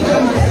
Thank you.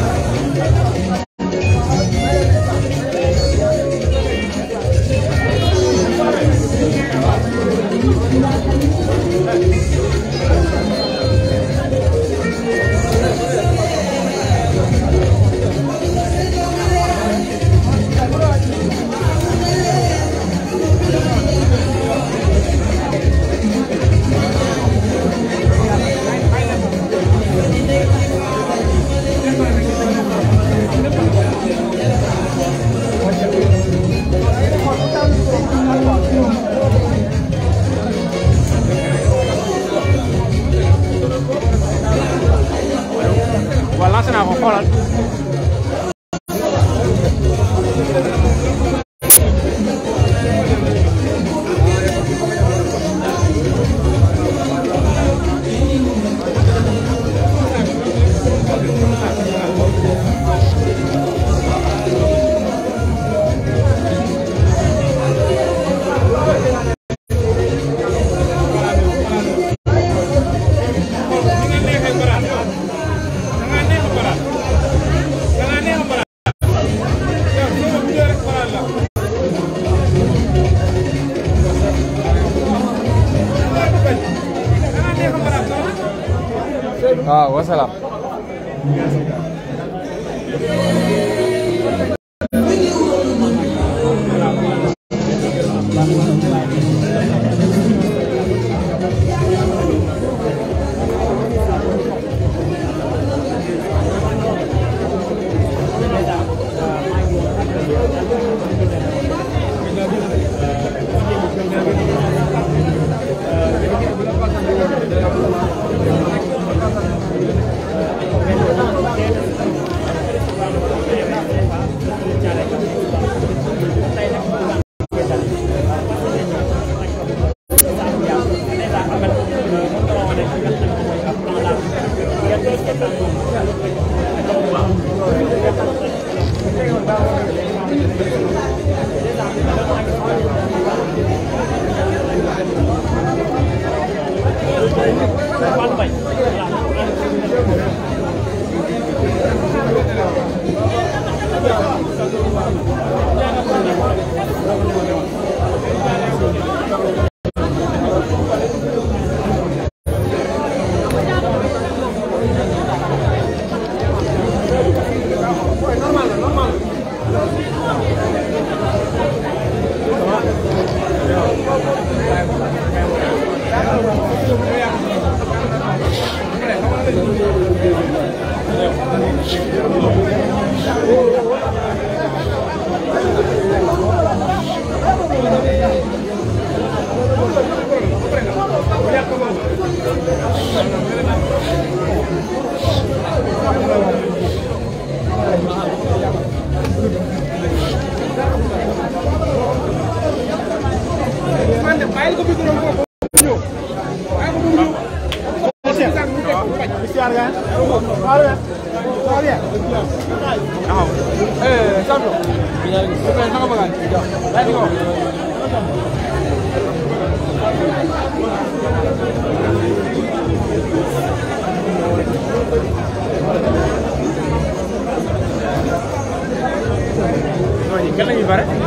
bare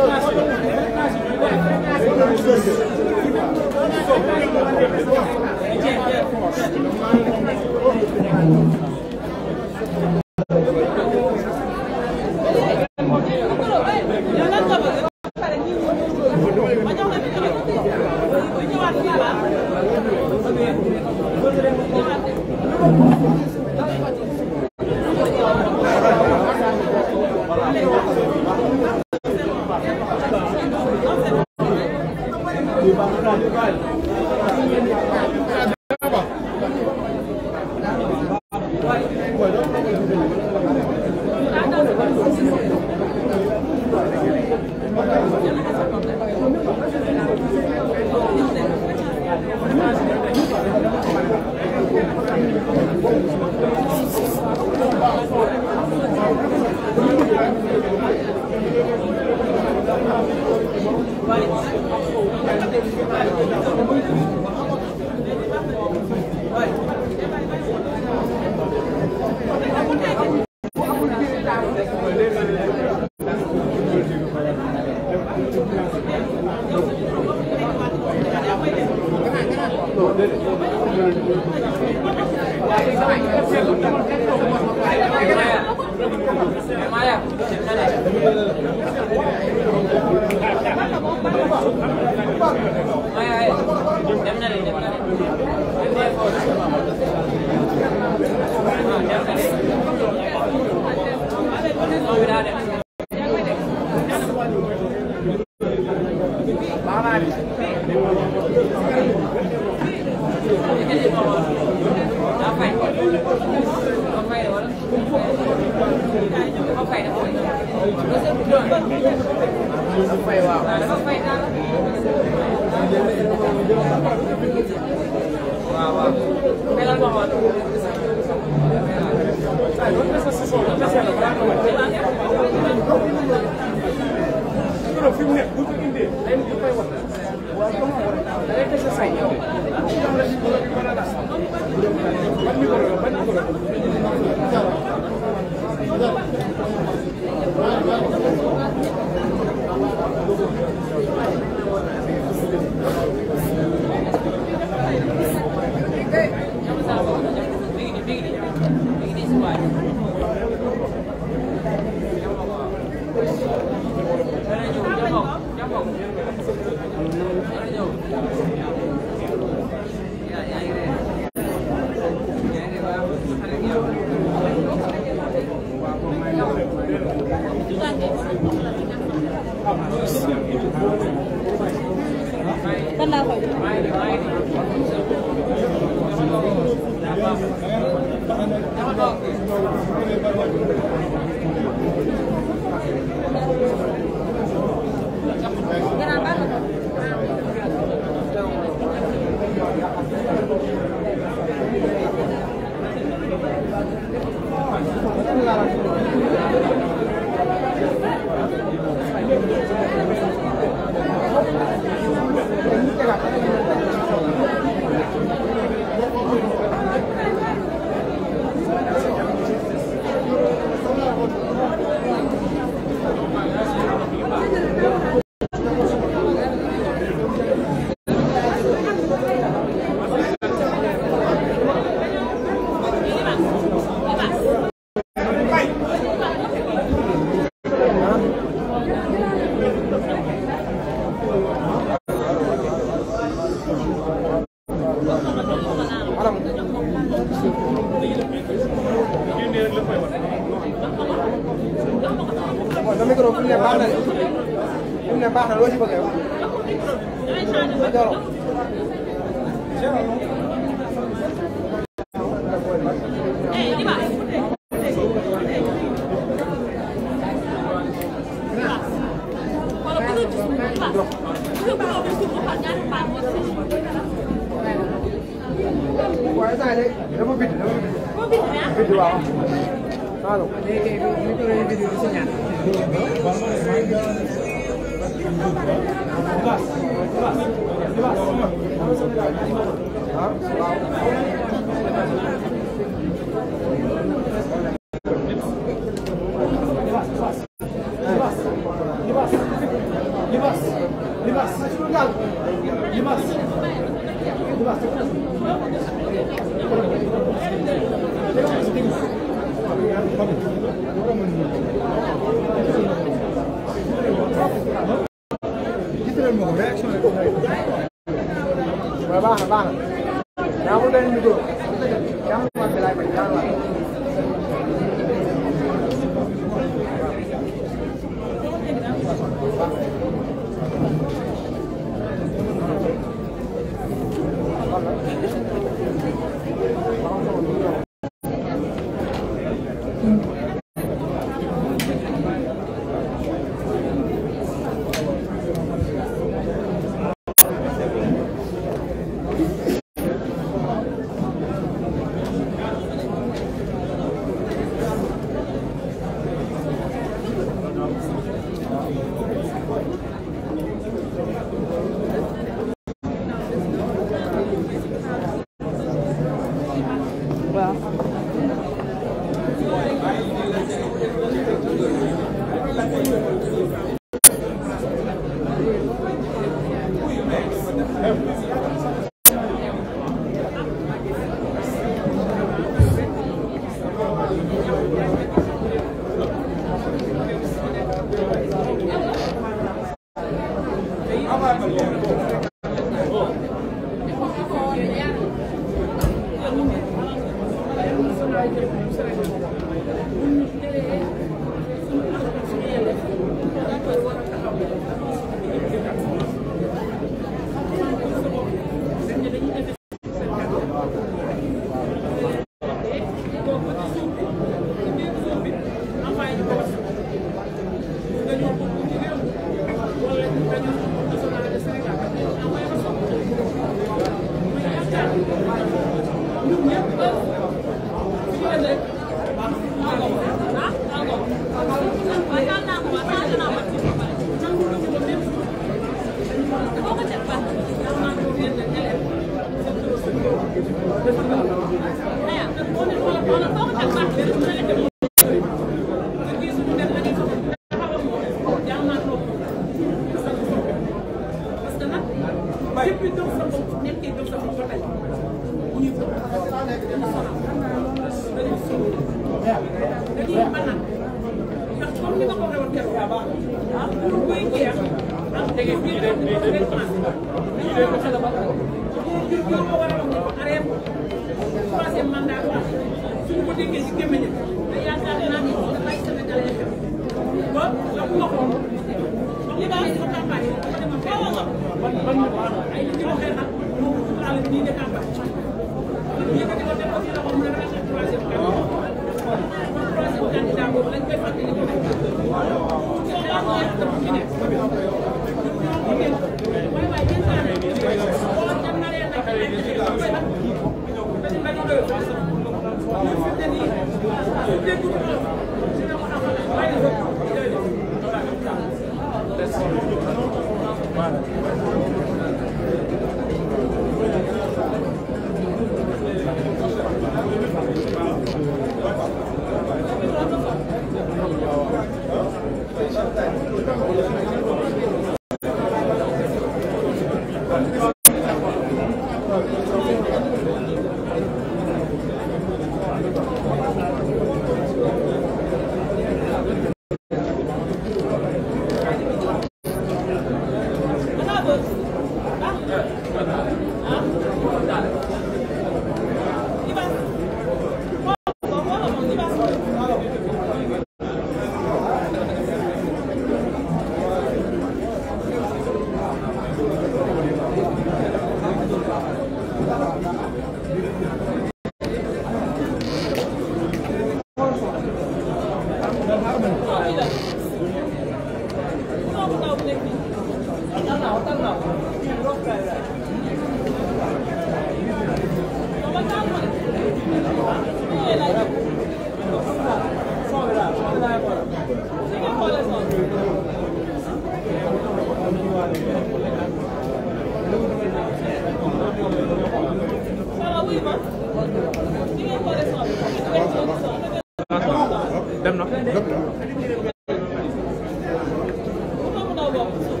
ñoo bokk suuf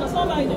na soo bàyyi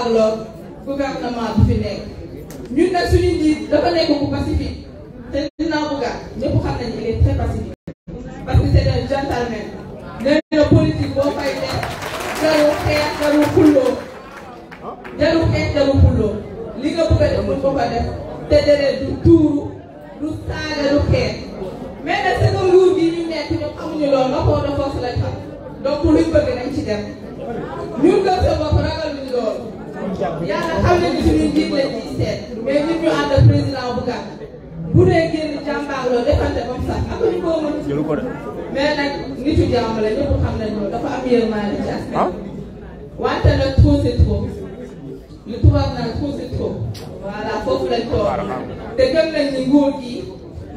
jàkkaarloog gouvernement bi fi nekk ñun nag suñu njiit dafa nekk bu pacifique boobu lañ toog te gëm nañ ni nguur gi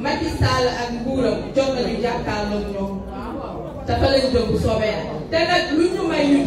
Macky Sall ak nguuram jot nañu jàkkaarloo ñoom te fa lañ jëm bu soobee te nag lu ñu may ñu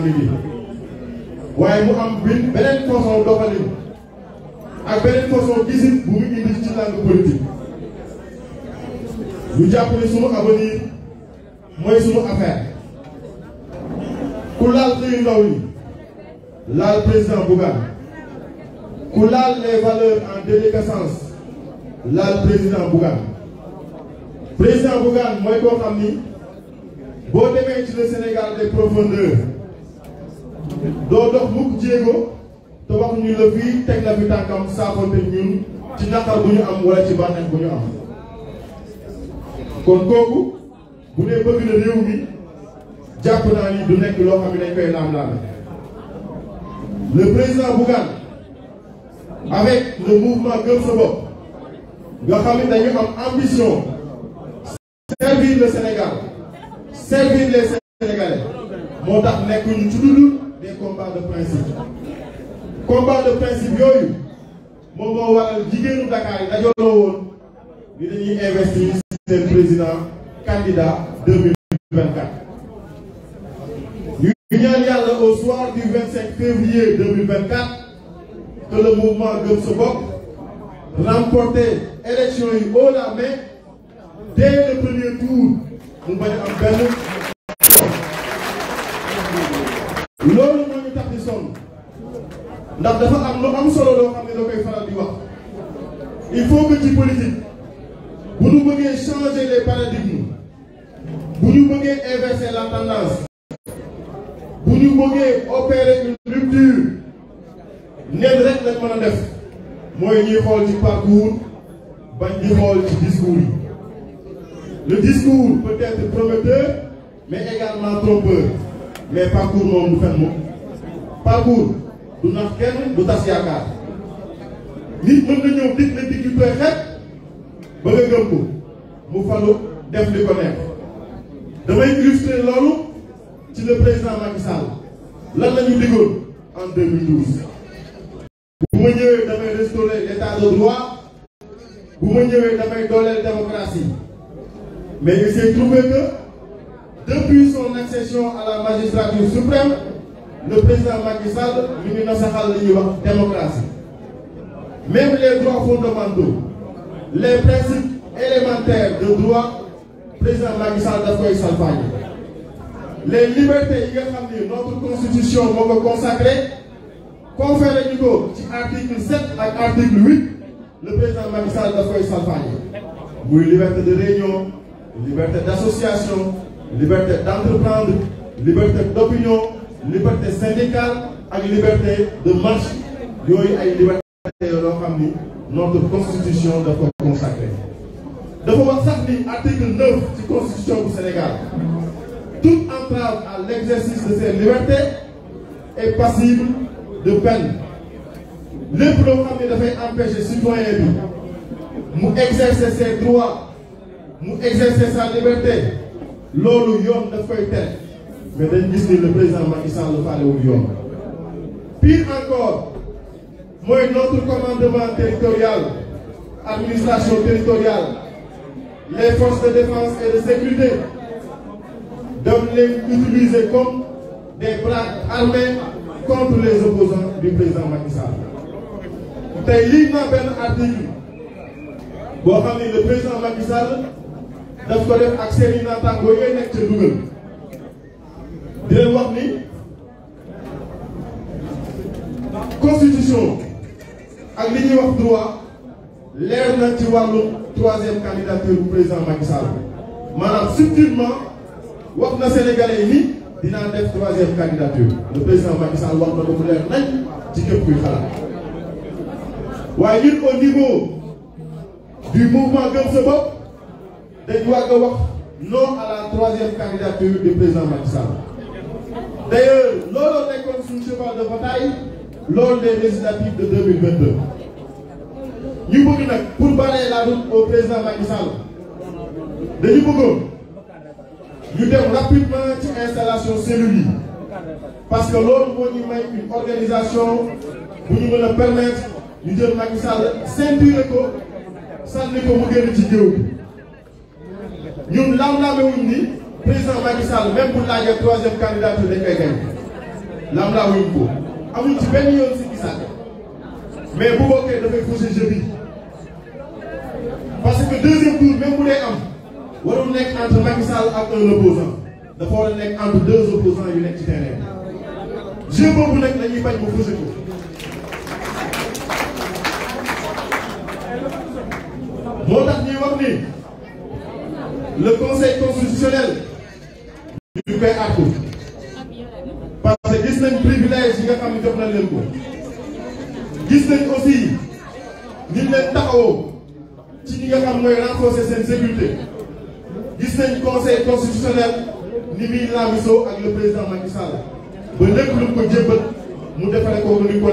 làmb bi waaye mu am benn beneen façon doxalin ak beneen façon gisin bu mu indi ci làmb politique ñu jàpp ne sunu avenir mooy sunu affaire ku laal xëyu ndaw yi laal président Bougane ku laal les valeurs en déliquescence laal président Bougane président Bougane mooy koo xam ni boo demee ci le Sénégal des profondeurs doo dox mukk jéego te waxuñu la fii teg na fi tànkam saafonte ñun ci naqar bu ñu am wala ci bànneex bu ñu am kon kooku bu bëgg na réew mi jàpp naa ni du nekk loo xam ne dañ koy laam laam le président Bougane avec le mouvement Gëm sa bopp nga xam dañu am ambition servir le Sénégal servir les Sénégalais moo tax nekkuñu ci dund des combats de principe combat de principe yooyu moom moo waral Dakar yi dajaloo woon ni dañuy investir seen président candidat 2024 ñu ñaan yàlla au soir du 25 février 2024 que le mouvement Gëm Sa remporter élection yi haut la main le premier tour mu bañ a am loolu moo ñu tax di sonn ndax dafa am lu am solo loo xam ne da koy faral di wax il faut que ci politique bu ñu bëggee changer les paradigmes bu ñu bëggee inverser la tendance bu ñu bëggee opérer une rupture nen rek lañ mën a def mooy ñuy xool ci parcours bañ di xool ci discours yi le discours peut être prometteur mais également trompeur. mais parcours moom du fen moom parcours du nax kenn du tas yaakaar nit mën na ñëw dig la dig yu koy xet ba nga gëm ko mu falu def li ko neex damay illustrer loolu ci le président Macky Sall lan la ñu digoon en 2012. bu ma ñëwee damay restaurer l'état de droit bu ma ñëwee damay dooleel démocratie mais il s'est trouvé que. Depuis son accession à la magistrature suprême, le président Macky Sall mi ngi nasaxal même les droits fondamentaux les principes élémentaires de droit président Macky Sall daf koy les libertés yi nga notre constitution moo consacré conféré ci article 7 ak article 8 le président Macky Sall daf koy salfaañe muy liberté de réunion d'association liberté d'entreprendre liberté d'opinion liberté syndicale ak liberté de marche yooyu ay liberté loo xam ni notre constitution dafa ko consacré dafa wax sax ni article 9 ci constitution bu Sénégal toute entrave à l'exercice de ces libertés est passible de peine lépp loo xam ne dafay empêcher citoyen bi mu exercer ses droits mu exercer sa liberté loolu yoon daf koy tere mais dañ gis ni le président Macky Sall faalewul yoon pire encore mooy notre commandement territorial administration territoriale les forces de défense et de sécurité daf leen utiliser comme des bras armés contre les opposants du président Macky Sall tey lii benn article boo le président Macky daf ko def ak seen i naataangoo yooyu nekk ca dugal di leen wax ni constitution ak li ñuy wax droit leer na ci wàllu troisième candidature bu président Macky Sall maanaam subtilement wax na sénégalais yi ni dinaa def troisième candidature le président Macky wax na ko mu leer nañ ci képp kuy xalaat waaye ñun au niveau du mouvement Gëm sa bopp. dañ wàgg a wax non à la troisième candidature du président Macky Sall d'ailleurs looloo nekkoon suñu de bataille lors des législatives de 2022 ñu bëgg nag pour balayer la route au président Macky Sall dañu bëggoon ñu dem rapidement ci installation cellules parce que loolu moo ñu may une organisation bu ñu mën a permettre ñu jël Macky Sall ceinture ko sànni ko mu génn ci géew ñun lam-laamewuñ ni président Macky Sall même bu laajee troisième candidature dañ koy gañ lam-laamewuñ ko amuñ ci benn yoon si gisaat mais bu bokkee dafay pousser jeu bi parce que deuxième tour même bu dee am warul nekk entre Macky Sall ak un dafa war a nekk entre deux opposants yu nekk ci terrain bi jeu boobu nag dañuy bañ mu pousser ko moo tax ñuy wax ni le conseil constitutionnel ñu koy àttu parce gis nañ privilège yi nga xam ne jox leen ko gis nañ aussi ñi leen taxawoo ci ñi nga xam mooy renforcer seen sécurité gis nañ conseil constitutionnel ni muy laamisoo ak le président Macky ba lépp lu ko jébbal mu defare ko ni ko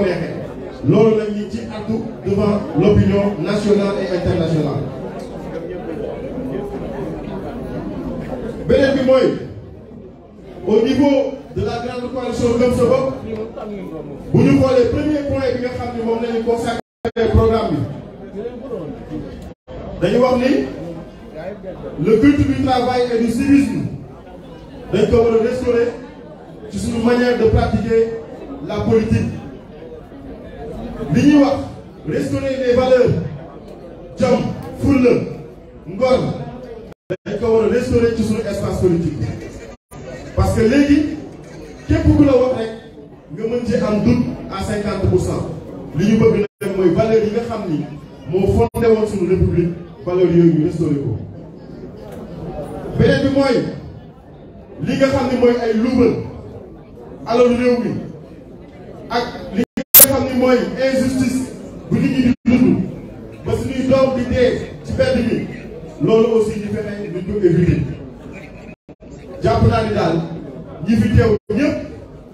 loolu nag ñi ci àttu devant l'opinion nationale et internationale beneen bi mooy au niveau de la grande coalition Gëm sa bopp bu ñu xoolee premier point bi nga xam ne moom la ñu consacré programme bi dañu wax ni le culte du travail et du civisme dañ ko war a restaurer suñu manière de pratiquer la politique li ñuy wax restaurer les valeurs jom fulla ngor dañ ko war a ci suñu espace politique parce que léegi képp ku la wax rek nga mën ci am doute à cinquante pour cent li ñu bëgg nag mooy valeurs yi nga xam ni moo fondé woon suñu république valeurs yooyu ñu restaurer bi mooy li nga xam ni mooy ay luubal alalu réew mi ak li nga xam ni mooy injustice bu nit ñi di dund ba suñuy doom di dee ci benn bi loolu aussi ñu fexe duñ ko éviter jàpp naa ni daal ñi fi teew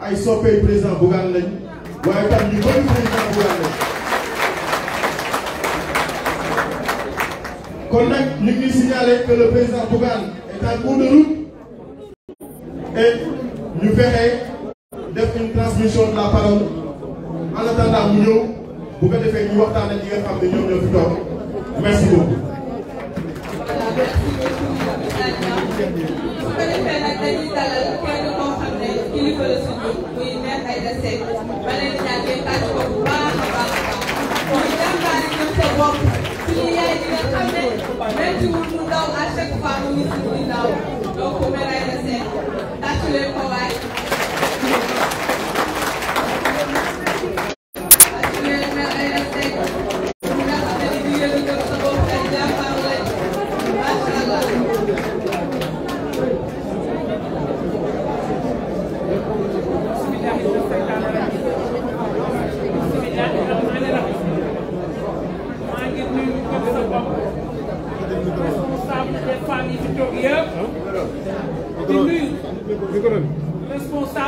ay soppey président Bougane lañ waaye tam ñu bëri président Bougane lañ kon nag ñu ngi signaler que le président Bougane est en cours de route et ñu fexe def transmission de la parole en mu ñëw bu defee ñu waxtaan ak ñi nga xam ne ñoom su ko defee nag dañuy dalal kenn koo xam ne kilifa la suñu muy maire Aïda Seck ma leen ñaan ngeen tàcc ko bu baax a baax a baax mooy jàmbaari gëm sa bopp suñu yaay di nga xam ne métti wul mu daw à chaque fois mu ngi suñu ginnaaw donc maire Aïda Seck tàcc leen ko waay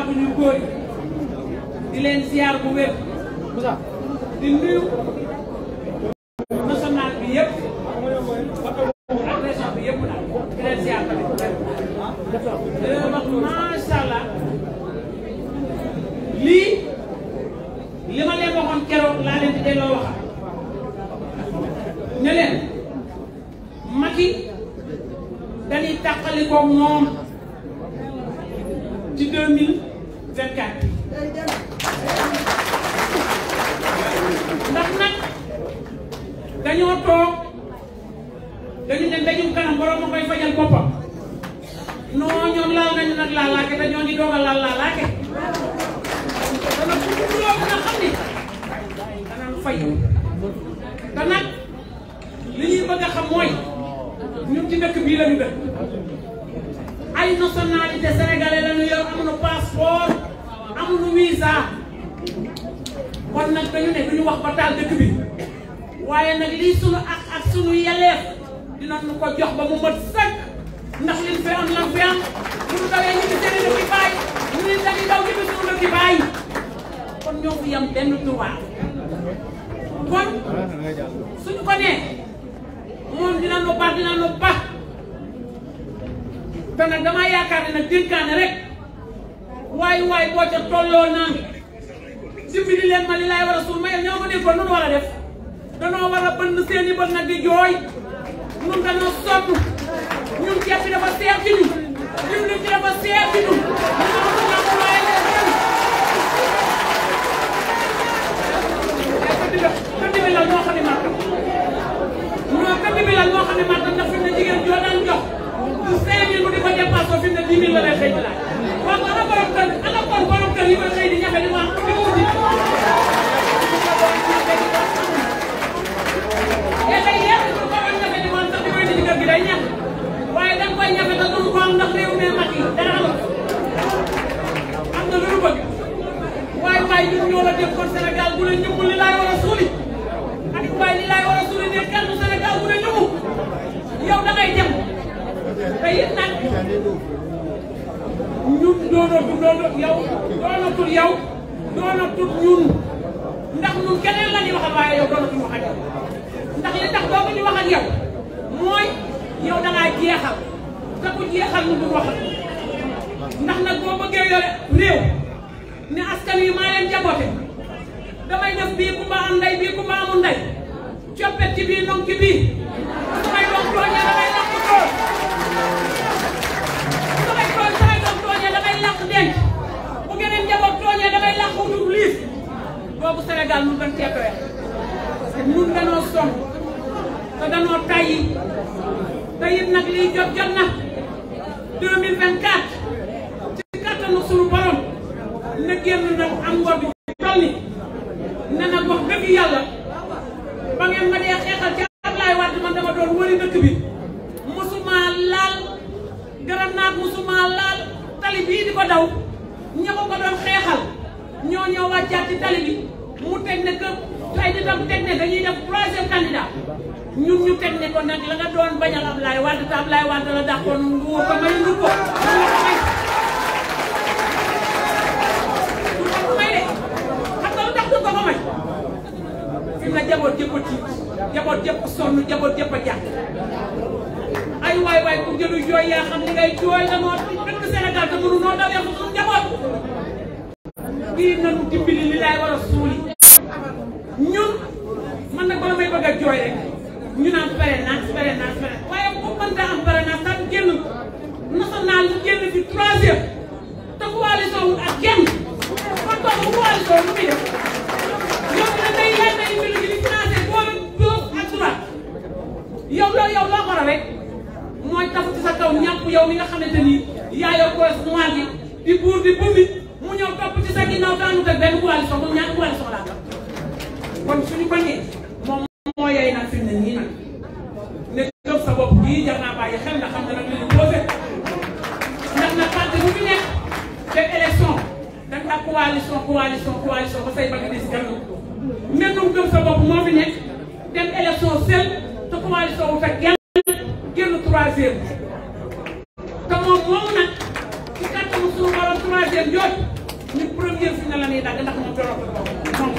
bu ñu góor yi di leen ziar bu wér di jaboot yëpp a sonn jaboot yëpp a jàpp ay waay jaboot bii nanu dimbali li laay war suuli ñun man nag bala may bëgg a jooy rek ñu naan parrainage parrainage parrainage waaye bu mën nga am parrainage tan génn national lu génn fi troisième te coalition wul ak kenn kon kooku coalition lu muy def yow dina day yaay day mbir yow loolu yow loo war a rek mooy tafu ci sa kaw ñàpp yow mi nga xamante ni yaa yor poche noire bi di buur di bumbi mu ñëw topp ci sa ginnaaw daanu teg benn coalition bu ñaari coalition laa tax kon suñu bañee moom moo yey nag fi ne nii nag ne gëm sa bopp bii jar naa bàyyi xel nga xam ne nag lañu posé sa bopp moo fi nekk dem élection seul. te commencé soobu fekk genn génn troisième te moom moomu nag ci kàttanu suñu borom troisième jooju ñu première fi na la ñuy dagg ndax moom dorog la bokk moom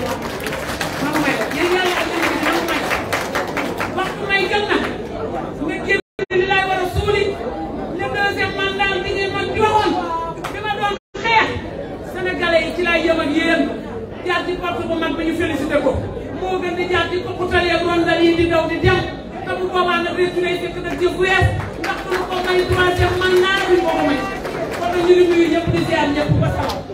moom may yéen yàlla ak yéen bi moom may waxtu may jël na nga génn li laay war a suuli le deuxième mandat bi ngeen man joxoon bi ma doon xeex sénégalais yi ci laay yëm ak yéen jaar ci porte bu mag bi ñu félicité ko moo gën di jaar ci kokutaleeg rondal yi di daw di dem boobaa nag réccu lay fekk nag jëf wees ndax du ko may troisième mandat bi moo ko may kon nag ñu ngi nuyu ñëpp di ziar ñëpp ba salaam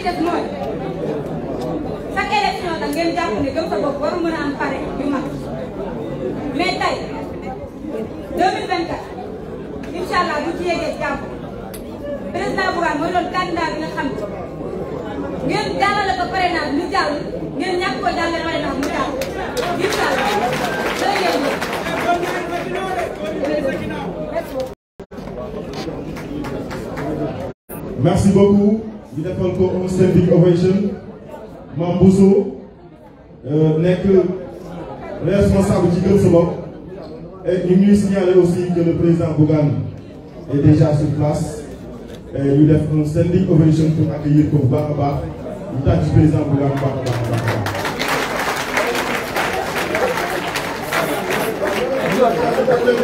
ci def mooy chaque élection da ngeen jàpp ne gëm sa bopp waru mën a am pare yu mag mais tey 2024 incha allah bu ci yeggee jàpp président Bougane mooy doon candidat bi nga xam ngeen jàllale ko parrainage mu jàll ngeen ñàkk ko jàllale parrainage mu jàll incha allah merci beaucoup. ñu defal ko un standing ovation Mame Bousso euh, nekk responsable ci gëm sa bopp et ñu ñuy signaler aussi que le président déjà sur place et ñu def standing ovation pour accueillir ko bu baax a baax ñu tàcc ci président Bougane bu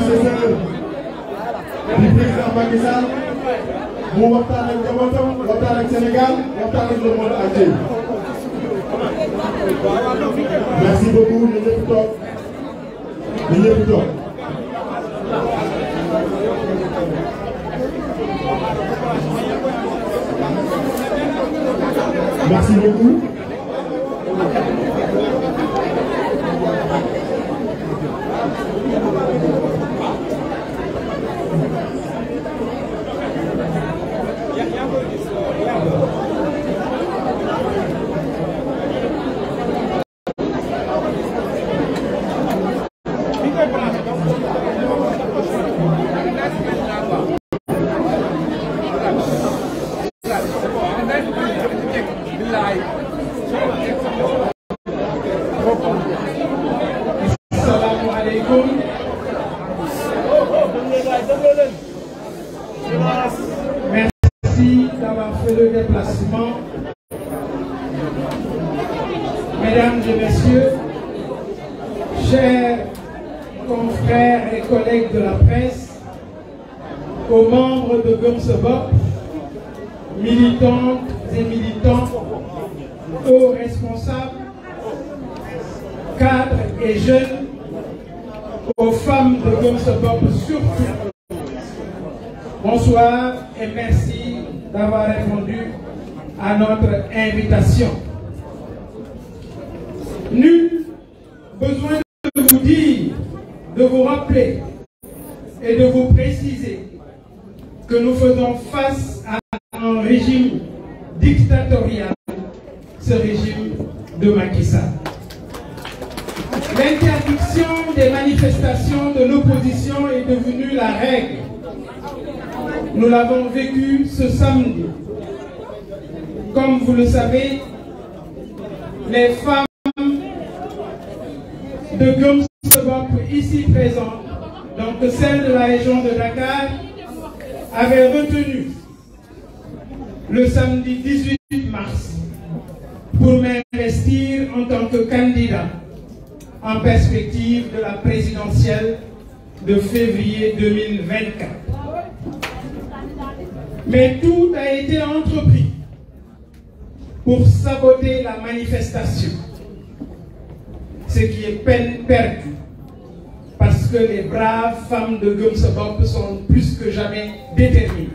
successeur du président Macky Sall mu waxtaan ak njabootam waxtaan ak Sénégal waxtaan ak le monde entier. merci beaucoup ñu ñëpp toog ñu ñëpp toog. merci beaucoup. en perspective de la présidentielle de février Mais tout a été entrepris pour saboter la manifestation, ce qui est peine parce que les braves femmes de Gumsebop sont plus que jamais déterminées.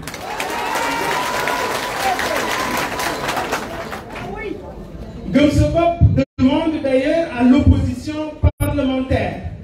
Gumsebop demande d'ailleurs à l'opposition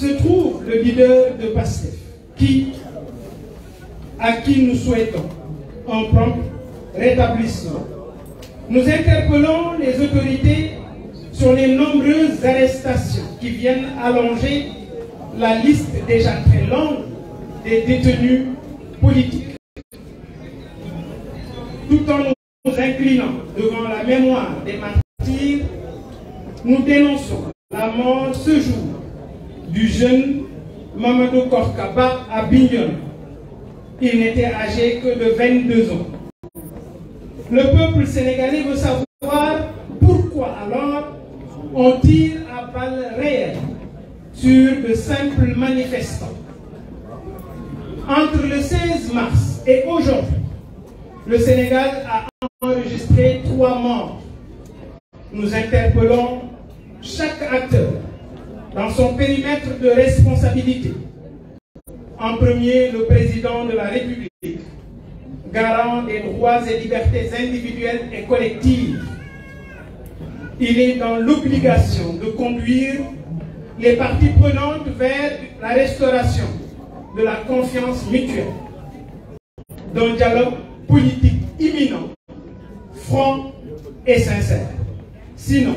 se trouve le leader de PASTEF, qui, à qui nous souhaitons un prompt rétablissement. Nous interpellons les autorités sur les nombreuses arrestations qui viennent allonger la liste déjà très longue des détenus politiques. Tout en nous inclinant devant la mémoire des martyrs, nous dénonçons la mort ce jour du jeune Mamadou Korkaba à Bignon. Il n'était âgé que de ans. Le peuple sénégalais veut savoir pourquoi alors on tire à balles réelles sur de simples manifestants. Entre le mars et aujourd'hui, le Sénégal a enregistré trois morts. Nous interpellons chaque acteur dans son périmètre de responsabilité. En premier, le président de la République, garant des droits et libertés individuelles et collectives. Il est dans l'obligation de conduire les parties prenantes vers la restauration de la confiance mutuelle, d'un dialogue politique imminent, franc et sincère. Sinon,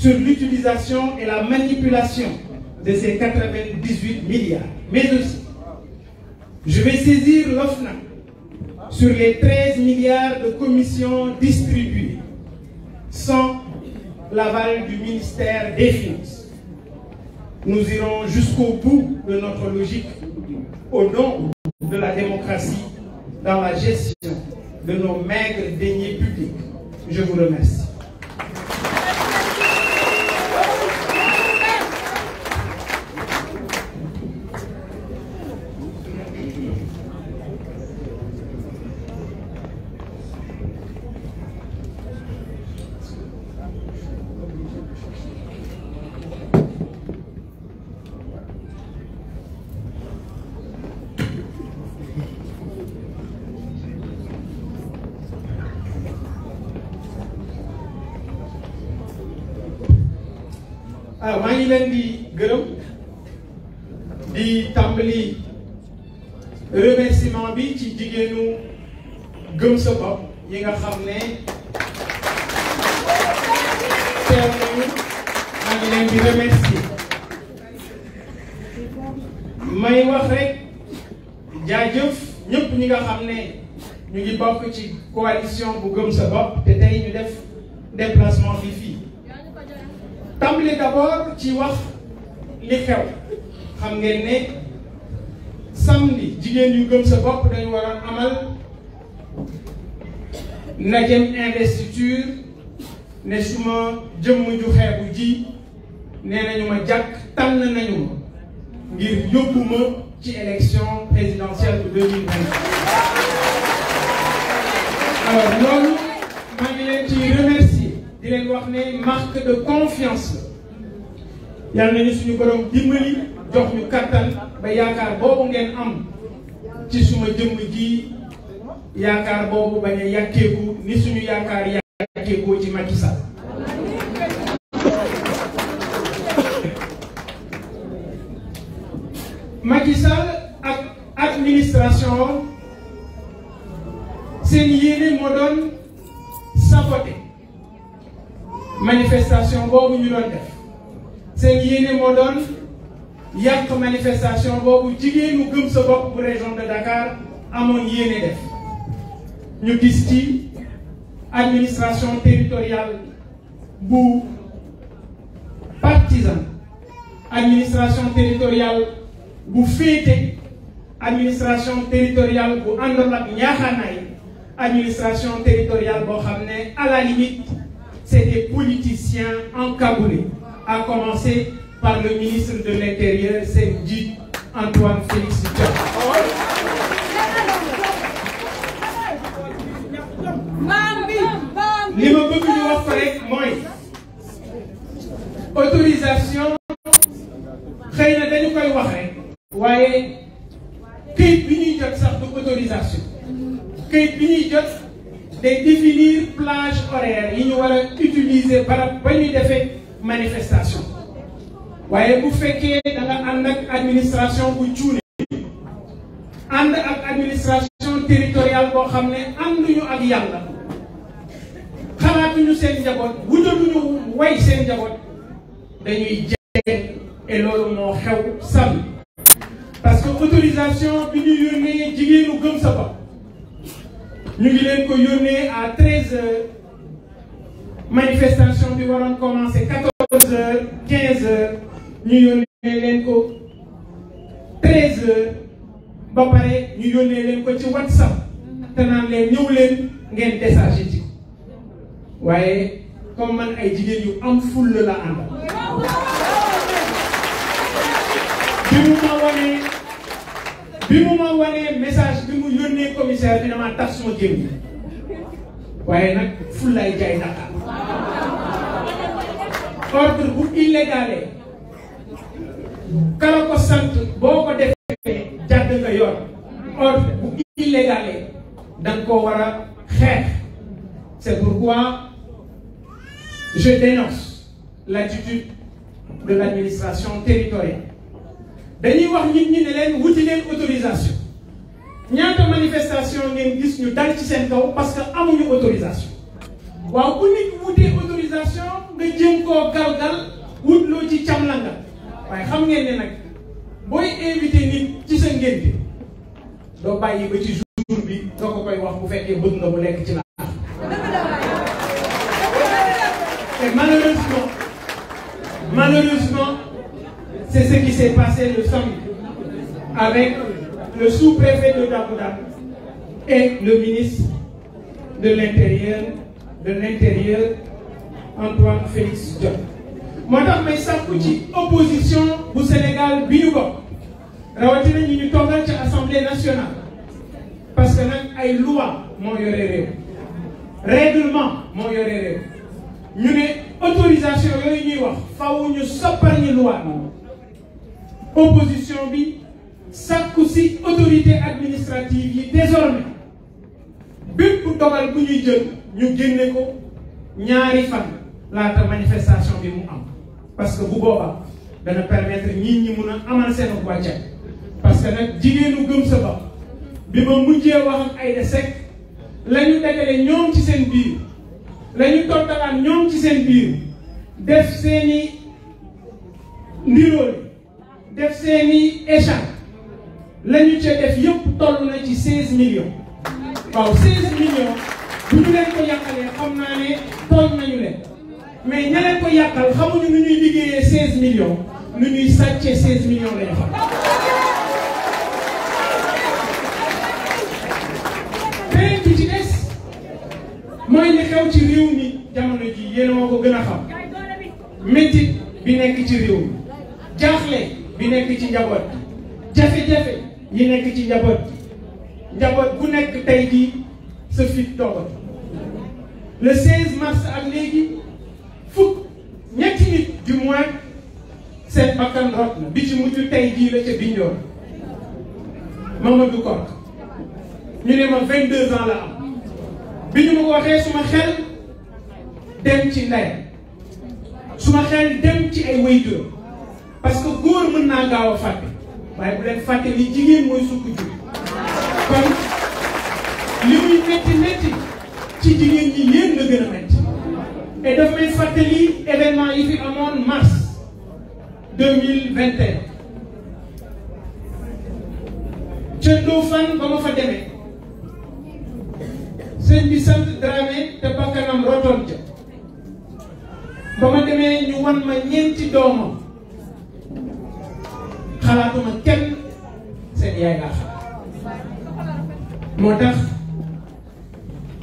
sur l'utilisation et la manipulation de ces 98 milliards. Mais aussi, je vais saisir l'OFNA les 13 milliards de commissions distribuées sans l'aval du ministère des Finances. Nous irons la démocratie dans leen di gërëm di tàmbali remerciement bi ci jigéenu gëm sa bopp yi nga xam ne teew nañu maa ngi leen di remercier may wax rek jaajëf ñëpp ñi nga xam ne ñu ngi bokk ci coalition bu gëm sa bopp te tey ñu def déplacement bi li d'abord ci wax li xew xam ngeen ne samedi jigéen yu gëm sa bopp dañu war a amal ndajem investiture ne su ma jëmm ju xeebu ji nee nañu ma jàkk tànn nañu ma ngir yóbbu ma ci élection présidentielle de 2020 alors loolu maa ngi ci remercier di leen wax ne marque de confiance la yàlla nañu suñu borom dimbali jox ñu kattan ba yaakaar boobu ngeen am ci suma jëmm ji yaakaar boobu bañ a yàkkeeku ni suñu yaakaar yàkkeekoo ci Macky Sall ak administration seen yéene moo doon saboté manifestation boobu ñu doon def seen yéene moo doon yàq manifestation boobu jigéenu gëm sa bopp bu région de Dakar amoon yéene def ñu gis ci administration territoriale bu partisan administration territoriale bu féete administration teritorial bu àndal ak ñaaxaanaay administration territoriale boo xam ne à la c'est des politiciens encaboulés, à commencer par le ministre de l'Intérieur, c'est dit Antoine Félix Diop. ma bëgg ñu wax ko rek mooy autorisation xëy na dañu koy wax rek waaye këyit bi ñuy jot day définir plage horaire yi ñu war a barab ba ñuy defee manifestation waaye bu fekkee da ànd ak administration bu cuune ànd ak administration territoriale boo xam ne ànduñu ak yàlla xalaatuñu seen njaboot wutaluñu way seen njaboot dañuy jege et loolu moo xew sàmm parce que autorisation bi yónnee jigéenu gëm sa bopp ñu ngi leen ko yónnee à 13 heures manifestation bi waroon commencé 14 heures 15 heures ñu yónnee leen ko 13 heures ci whatsapp te naan leen ñëw leen ngeen déchargé ci comme man ay jigéen yu am fulla la àndal bi mu ma wonee bi mu ma wanee message bi mu yónnee commissaire bi damaa tax suma gémmi waaye nag fullaay jaay naka ordre bu illégale kala ko sant boo ko defee jàdd nga yoon ordre bu illégale danga ko war a xeex c'est pourquoi je dénonce l'attitude de l'administration territoriale dañuy wax nit ñi ne leen wuti leen autorisation ñaata manifestation ngeen gis ñu dal ci seen kaw parce que amuñu autorisation waaw bu nit wutee autorisation nga jëm koo galgal wutloo ci camlangal waaye xam ngeen ne nag booy invité nit ci sa ngénte doo bàyyi ba ci jour bi doo ko koy wax bu fekkee bëgg nga mu lekk ci la te malheureusement C'est ce qui s'est passé le samedi avec le sous-préfet de Daouda et le ministre de l'Intérieur, de l'Intérieur, Antoine Félix Diop. moo tax may sàkku ci opposition bu Sénégal bi ñu bokk rawatina ñi ñu toogal ci assemblée nationale parce que ay loi moo yore réew règlement moo yore réew ñu ne autorisation yooyu ñuy wax faw ñu soppar ñu loi opposition bi sàkku si autorité administrative yi désormais bépp dogal bu ñuy jël ñu génne ko ñaari fan laata manifestation bi mu am parce que bu boobaa dana permettre nit ñi mun a amal seen wàcce parce que nag jigéenu gëm sa bopp bi ma mujjee wax ak Aïda Seck la ñu ñoom ci seen biir la ñu ñoom ci seen biir def seeni ndiróole def seeni échange la ca def yëpp toll na ci 16 millions waaw 16 millions bu ñu leen ko yàqalee xam naa ne tooñ nañu leen mais ña leen ko yàqal xamuñu nu ñuy liggéeyee 16 millions nu ñuy sàccee 16 millions lañu xam beneen bi ci des mooy li xew bi nekk ci réew jaaxle bi nekk ci njaboot jafe-jafe yi nekk ci njaboot njaboot bu nekk tey jii sa fit dogal le 16 mars ak léegi fukk ñetti nit du moins seen bakkan rot na bi ci mujj tey jii la ca Bindoor Mamadou Kork ñu ne ma 22 ans la am bi ñu ma ko waxee suma xel dem ci ndeyam suma xel dem ci ay waajur parce que góor mën naa gaaw a fàtte waaye bu leen fàtte ni mooy sukk jur kon li muy metti metti ci jigéen ñi yéen la gën a metti et daf may fàttali événement yi fi amoon mars deux mille ba ma fa demee sëñ bi sant Dramé te bakkanam rotoon ca ba ma demee ñu wan ma ñeenti doomam xalaatuma kenn seen yaay laa moo tax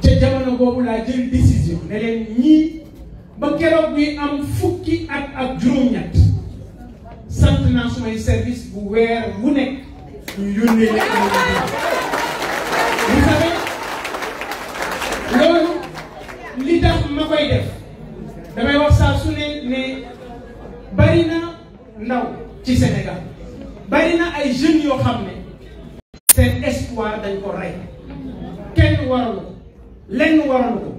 ca jamono boobu laa jël décision ne leen ñii ba keroog bi am fukki at ak juróom-ñett sant naa sumay service bu weer wu nekk ñu yónnee leen vous savez loolu li tax ma koy def damay wax saa su ne ne bari na ndaw ci Sénégal bari na ay jeunes yoo xam ne seen espoir dañ ko rey kenn waralu ko lenn waralu ko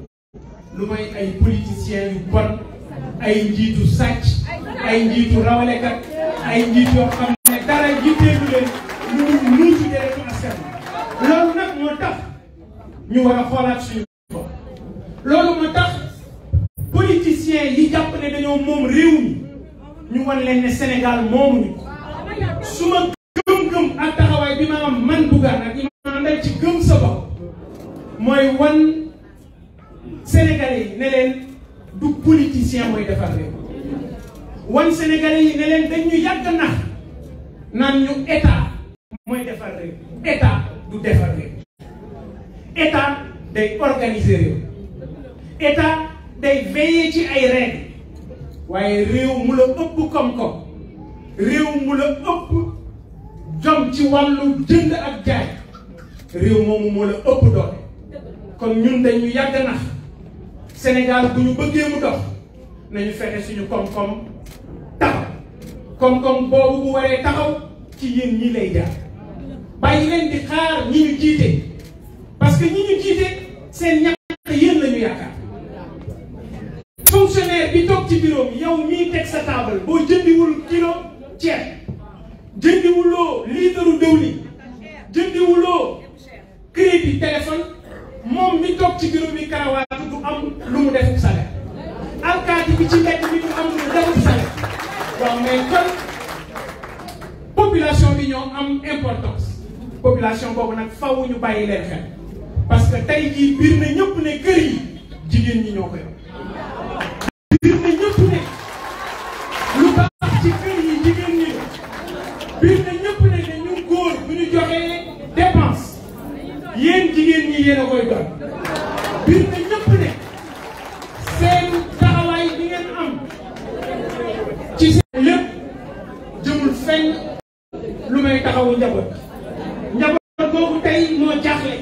lu may ay politiciens yu bon ay njiitu sàcc ay njiitu rawalekat ay njiit yoo xam ne dara jitteelu leen lu dul muucu deretu askan loolu nag moo tax ñu war a xoolaat suñu bopp loolu moo tax politiciens yi jàpp ne dañoo moom réew mi ñu wan leen ne Sénégal moomuñu ko su ma gëm-gëm ak taxawaay bi ma am man Bougane ak imaam Ndeye ci gëm sa bopp mooy wan Sénégalais yi ne leen du politicien mooy defar réew wan Sénégalais yi ne leen dañ yàgg nax naan ñu état mooy defar réew état du defar réew état day organiser réew état day veiller ci ay règles waaye réew mu la ëpp koom-koom réew mu la ëpp jom ci wàllu jënd ak jaay réew moomu moo la ëpp doole kon ñun dañu yàgg nax Sénégal bu ñu bëggee mu dox nañu fexe suñu koom-koom taxaw koom-koom boobu bu waree taxaw ci yéen ñi lay jaar bàyyi leen di xaar ñi ñu jiite parce que ñi ñu jiite seen ñàkk yéen la ñu yaakaar fonctionnaire bi toog ci bureau bi yow mii teg sa table boo jëndiwul ceeb jëndiwuloo liitaru dëwlin jëndiwuloo crédit téléphone moom mi toog ci bureau bi karawaatu du am lu mu defub salaire alkaati bi ci mbedd mi du am lu mu defub salaire waaw mais bi ñoo am importance population boobu nag faw ñu bàyyi leen xel parce que tey jii biir na ñëpp ne kër yi jigéen ñi ñoo ko yor yéen jigéen ñi yéen a koy doon biir na ñëpp ne seen taxawaay bi ngeen am ci seen lépp jëmul fenn lu may taxawu njaboot njaboot boobu tey moo jaaxle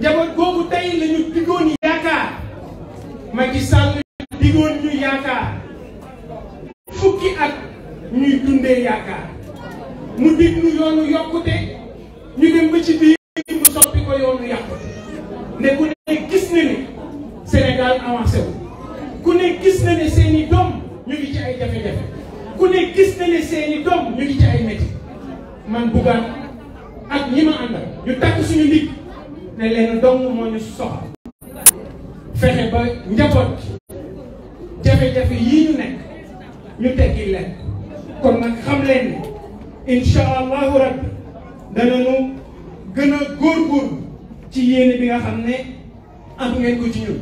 njaboot boobu tey la diggoon yaakaar Macky Sall diggoon ñu yaakaar fukki at ñuy dundee yaakaar mu diglu yoonu yokkute ne leen dong moo ñu soxla fexe ba njaboot jafe-jafe yii ñu nekk ñu teggi leen kon nag xam leen ni incha allahu rabbi danañu gën a góorgóorlu ci yéene bi nga xam ne am ngeen ko ci ñun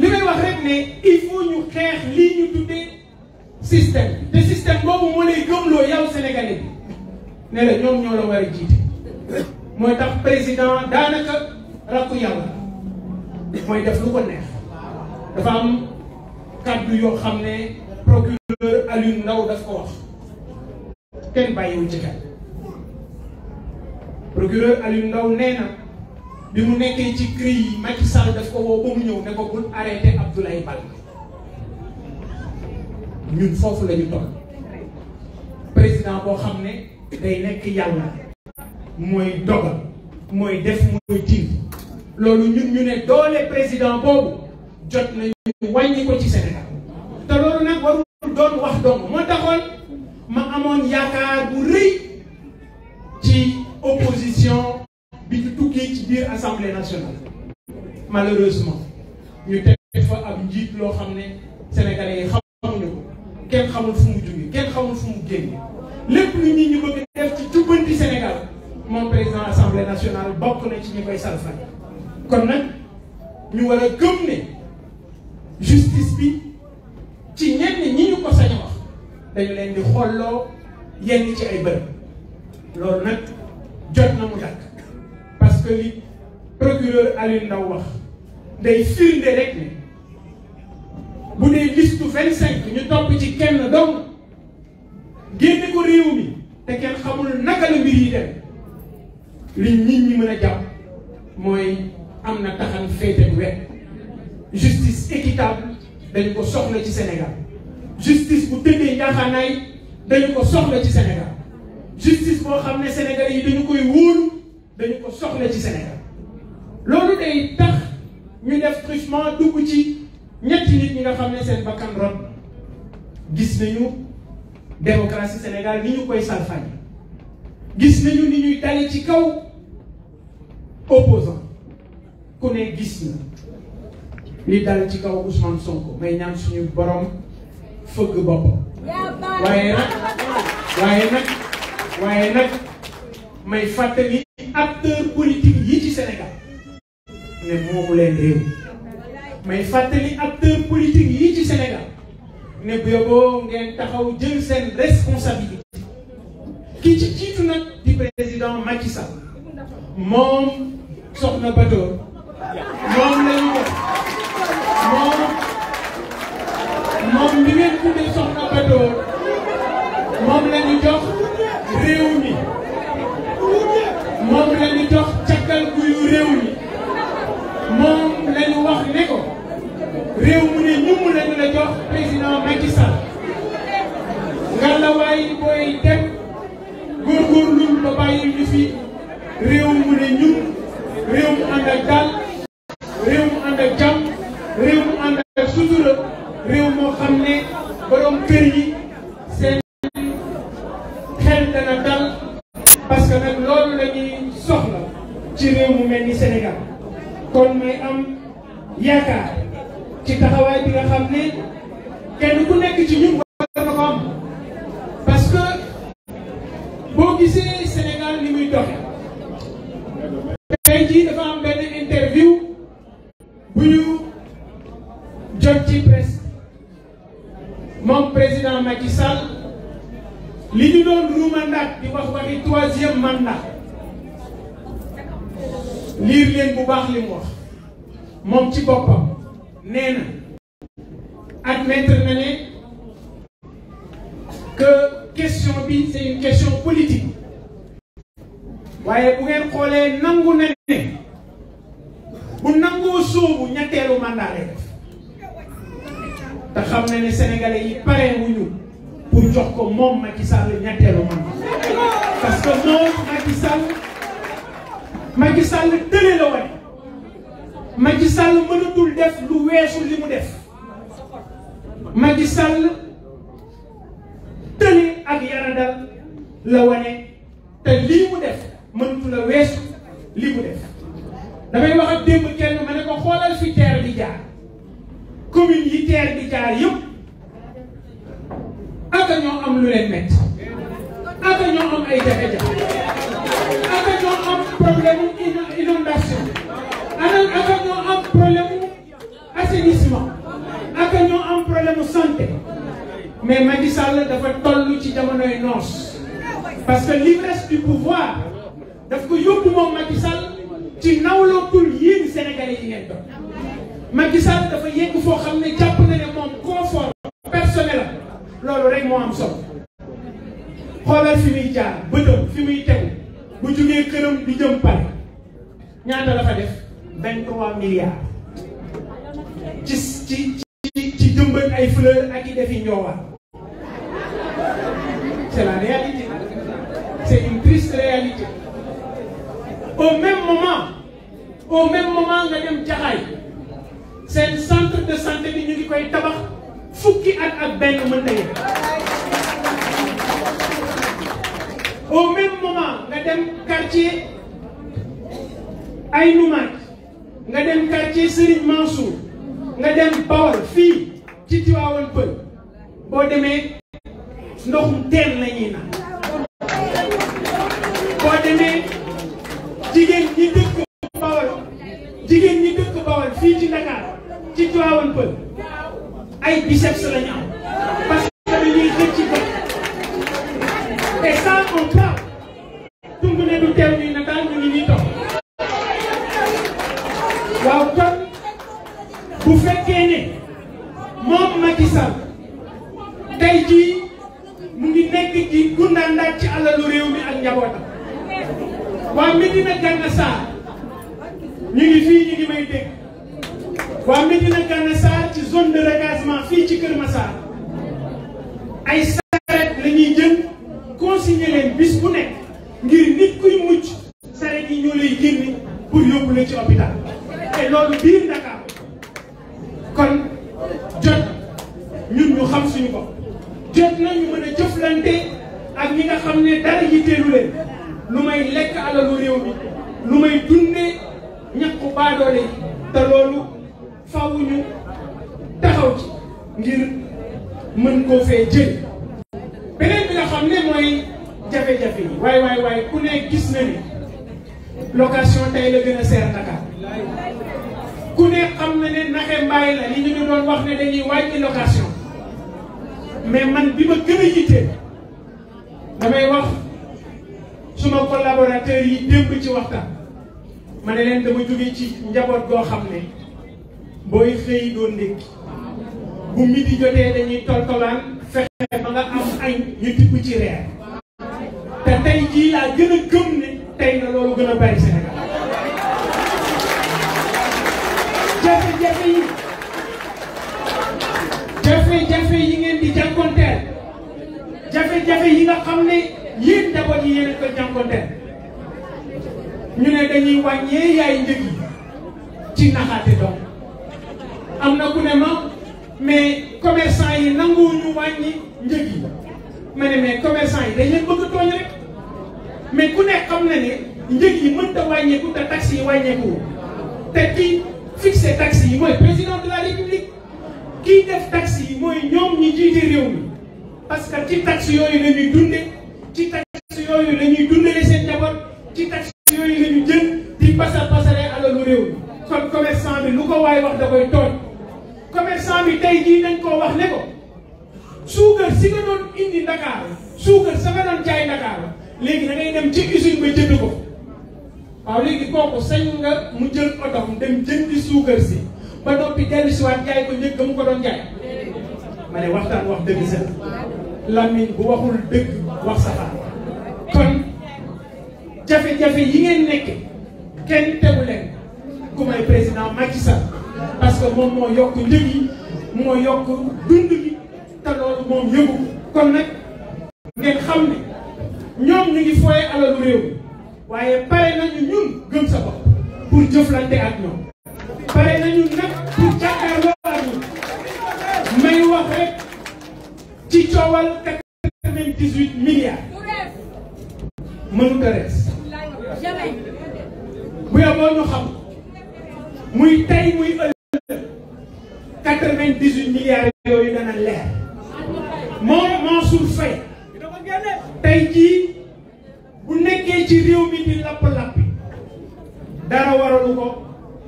li may wax rek ne il faut ñu xeex lii ñu tuddee système te système boobu moo lay gëmloo yow sénégalais bi ne la ñoom ñoo la war a jiite mooy tax président daanaka rakku yàlla mooy def lu ko neex dafa am kàddu yoo xam ne procureur Alioune ndaw daf ko wax kenn bàyyiwu ci xel procureur Alioune Ndao nee bi mu nekkee ci CREI yi Macky Sall daf ko ba mu ñëw ne ko bul arrêté Abdoulaye Baldé ñun foofu la ñu président boo xam ne day nekk yàlla mooy dogal mooy def mooy jiw loolu ñun ñu ne doole président boobu jot nañu wàññi ko ci Sénégal te loolu nag warul doon wax dong moo taxoon ma amoon yaakaar bu rëy ci opposition bi ñu tukkee ci biir assemblée nationale malheureusement ñu teg fa ab njiit loo xam ne sénégalais xamuñu ko kenn xamul fu mu kenn xamul fu mu lépp lu nit ñi bëgg def ci jubbanti Sénégal. moom président assemblée nationale bokk na ci ñu koy salfane kon nag ñu war gëm ne justice bi ci ñenn ñi ñu ko sañ wax dañu leen di xolloo yenn ci ay bërëb loolu nag jot na mu dakk parce que li procureur Alioune Ndao wax day firnde rek ne bu dee liste vingt cinq ñu topp ci kenn dong génne ko réew mi te kenn xamul naka la mbir yi dem li nit ñi mën a jàpp mooy am na taxan féete bu wet justice équitable dañu ko soxla ci Sénégal justice bu tëddee njaaxaanaay dañu ko soxla ci Sénégal justice boo xam ne Sénégalais yi dañu koy wóolu dañu ko soxla ci Sénégal loolu day tax ñu def truchement dugg ci ñetti nit ñi nga xam ne seen bakkan rot gis nañu démocratie Sénégal ni ñu koy salfaañe gis nañu ni ñuy dale ci kaw opposant ku ne gis na li dal ci kaw Ousmane Sonko may ñaan suñu borom fëgg boppam waaye waaye nag waaye nag may fàttali acteur politique yi ci Sénégal ne moomu leen réew may fàttali acteur politique yi ci Sénégal ne bu yoboo ngeen taxaw jël seen responsabilité ki ci jiitu nag di président Macky moom soxna Batoor moom lañu wax moom moom li ngeen tuddee soxna Batoor moom lañu jox réew mi moom lañu jox càkkal guyu réew mi moom lañu wax ne ko mu ne ñum la jox président Macky Sall ngalawaay booy dem góorgóorlu ba bàyyi ñu fi réew mu ne ñun réew mu ànd ak dal réew mu ànd ak jàmm réew mu ànd ak sutura réew moo xam ne borom kër yi seen xel dana dal parce que loolu la soxla ci réew mu mel ni Sénégal kon may am yaakaar ci taxawaay bi nga xam ne kenn ku nekk ci ñun war na ko am. gisee Sénégal li muy doxe tey jii dafa am benn interview bu ñu jot ci presse moom président Macky li ñu doon ruumandaat di wax waxi troisième mandat liir leen bu baax li wax moom ci boppam nee na admettre na ne que question bi c'est une waaye bu ngeen xoolee nangu na ne bu nangoo sóobu ñetteelu mandat lay def xam na ne sénégalais yi pare wuñu pour jox ko moom Macky Sall ñetteelu mandat parce que moom Macky Sall Macky Sall tële la wane Macky Sall mënatul def lu weesu li mu def Macky Sall tële ak yaradal la wane te lii mu def mëntu la weesu lii mu def damay wax a démb kenn ma ne ko xoolal fi teer bi jaar commune yi teer bi jaar yëpp aka ñoo am lu leen métti aka ñoo am ay jafe aka ñoo am problème mu inondation anal aka ñoo am problème mu assainissement aka ñoo am problème mu santé jamonoy noos parce que l'ivresse du pouvoir daf ko yóbbu moom Macky Sall ci nawlootul yéen Sénégalais yi ngeen doon Macky dafa yegg foo xam ne jàpp na ne moom confort personnel la loolu rek moo am solo xoolal fi muy jaar bëtam fi muy tegu bu jógee këram di jëm pare ñaata la fa def vingt trois milliards ci ci ci ci ay fleur ak i defi njoowaan C'est la réalité. C'est une triste réalité. Au même nga dem Jaxaay seen centre de santé bi ñu ngi koy tabax fukki at ak benn mën na yem. au même nga dem quartier ay numaat nga dem quartier Serigne Mansour nga dem Bawol fii ci Tivaouane Peulh boo demee ndoxum teen la ñuy naan boo jigéen ñi dëkk Bawol jigéen ñi dëkk Bawol fii ci Dakar ci Tivaouane Peulh ay biceps la ñu am parce que dañuy xëcc ci bopp et ça on parle ne du teew nii na ngi ñuy toog waaw kon bu fekkee ne moom Macky Sall tey jii gi gundaandaat ci alalu réew mi ak njabootam waa Medina Gana Sarr ñu ngi fii ñu ngi may dégg waa Medina Gana Sarr ci zone de recasement fii ci Kër Massar ay saret la ñuy consigné leen bis bu nekk ngir nit kuy mucc saret yi ñoo lay génne pour yóbbu la ci hôpital loolu biir Dakar kon jot ñun ñu xam suñu bopp jot nañu mën a jëflante ak ñi nga xam ne dara yitteelu leen lu may lekk alalu réew mi lu may dundee ñàkku baadoole yi te loolu faaw taxaw ci ngir mën koo fee jël beneen bi nga xam ne mooy jafe-jafe yi waay waay ku ne gis na ni location tey la gën a seer Dakar ku ne xam na ne naxe mbaay la li ñu doon wax ne dañuy wàññi location mais man bi ma gën a yittee damay wax suma collaborateur yi démb ci waxtaan ma leen dama jóge ci njaboot goo xam ne booy xëy doo ndékki bu midi jotee dañuy toltolaan fexe ba nga am añ ñu tibb ci reer te tey jii laa gën a gëm ne tey na loolu gën a bari Sénégal jafe-jafe yi jafe yi nga xam ne yéen njaboot yi yéen a koy jànkuwanteel ñu ne dañuy wàññee yaay njëg yi ci naxaate doom am na ku ne ma mais commerçant yi nanguwuñu wàññi njëg yi ma mais commerçant yi dañ leen bëgg tooñ rek mais ku nekk xam na ne njëg yi mënut a wàññeeku te taxes yi wàññeeku te ki fixé taxes yi mooy président de la république def taxes yi mooy ñoom ñi jiite réew mi. parce que ci taxe yooyu la ñuy dunde ci taxe yooyu la ñuy dundale seen njaboot ci taxe yooyu la ñu jël di pasar pasare alalu réew mi kon commerçant bi lu ko waay wax da koy tooñ commerçant bi tey jii nañ koo wax ne ko suukar si nga doon indi Dakar suukar sa nga doon jaay Dakar léegi da ngay dem ci usine ba jënd ko waaw léegi kooku sañ nga mu jël otoom dem jëndi suukar si ba noppi dellusiwaat jaay ko njëkk mu ko doon jaay ma ne waxtaan wax dëgg sax làmmiñ bu waxul dëgg wax saxaar kon jafe-jafe yi ngeen nekk kenn tegu ku may président Macky Sall parce que moom moo yokk njëg yi moo yokk dund gi te loolu moom yëgu kon nag ngeen xam ne ñoom ñu ngi fooye alalu réew waaye pare nañu ñun gëm sa bopp pour jëflante ak ñoom pare nañu nag pour jàkkaarloo ak ñun may wax rek ci coowal quatre-vingt-dix-huit milliards xam muy tey muy ëllëg quatre vingt yooyu dana leer moom Mansour Faye tey jii bu nekkee ci réew mi di lapp-lapp dara waralu ko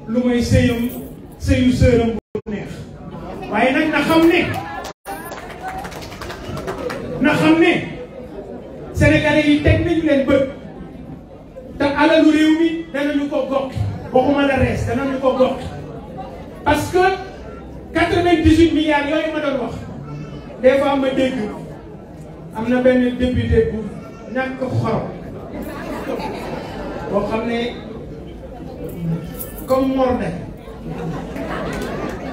lu may sëyam sëyu sëram bu neex waaye nag na xam ne na xam ne sénégalais yi teg nañu leen bët te alalu réew mi danañu ko gox waxuma la rees danañu ko gox parce que quatre-vingt-dix-huit milliards yooyu ma doon wax des fois ma dégg am na benn député bu ñàkk xorom boo xam ne comme mor na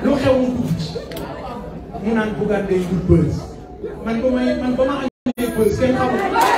lu xewu duuf ci mu naan buggaan day wut bës man ba may man ba ma amee bës kenn xamul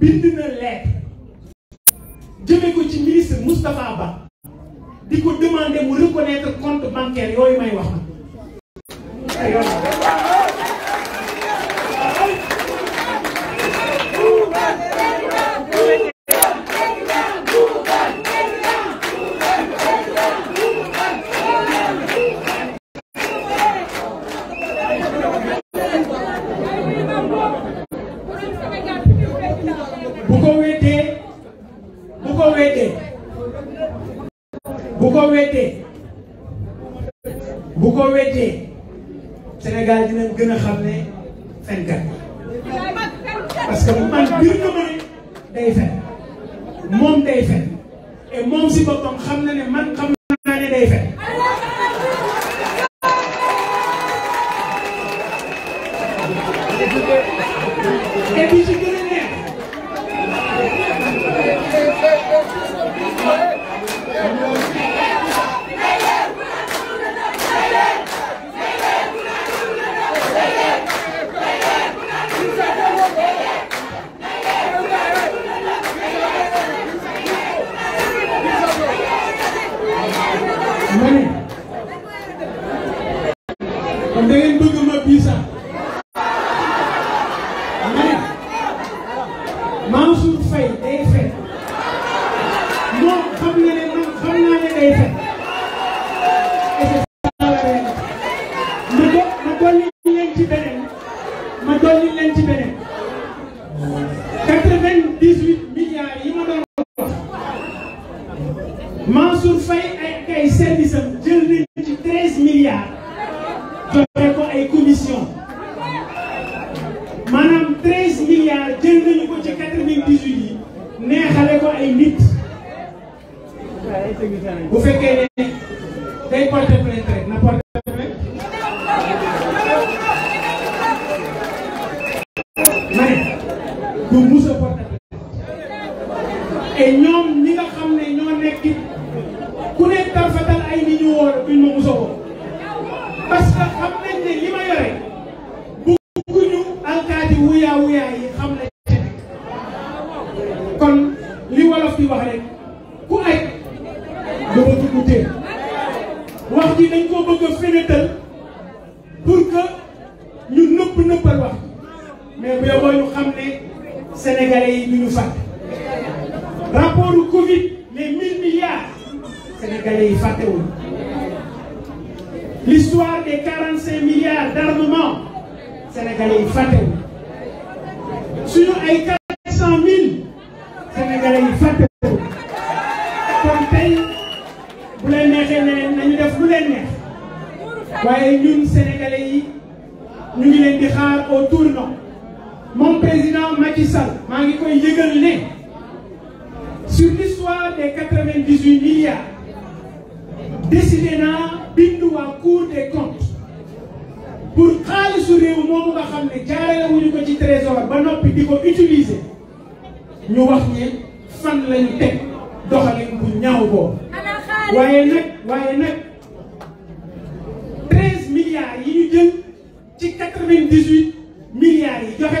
bind na lettre jëme ko ci ministre Moustapha Ba di ko demander mu reconnaître compte bancaire yooyu may wax na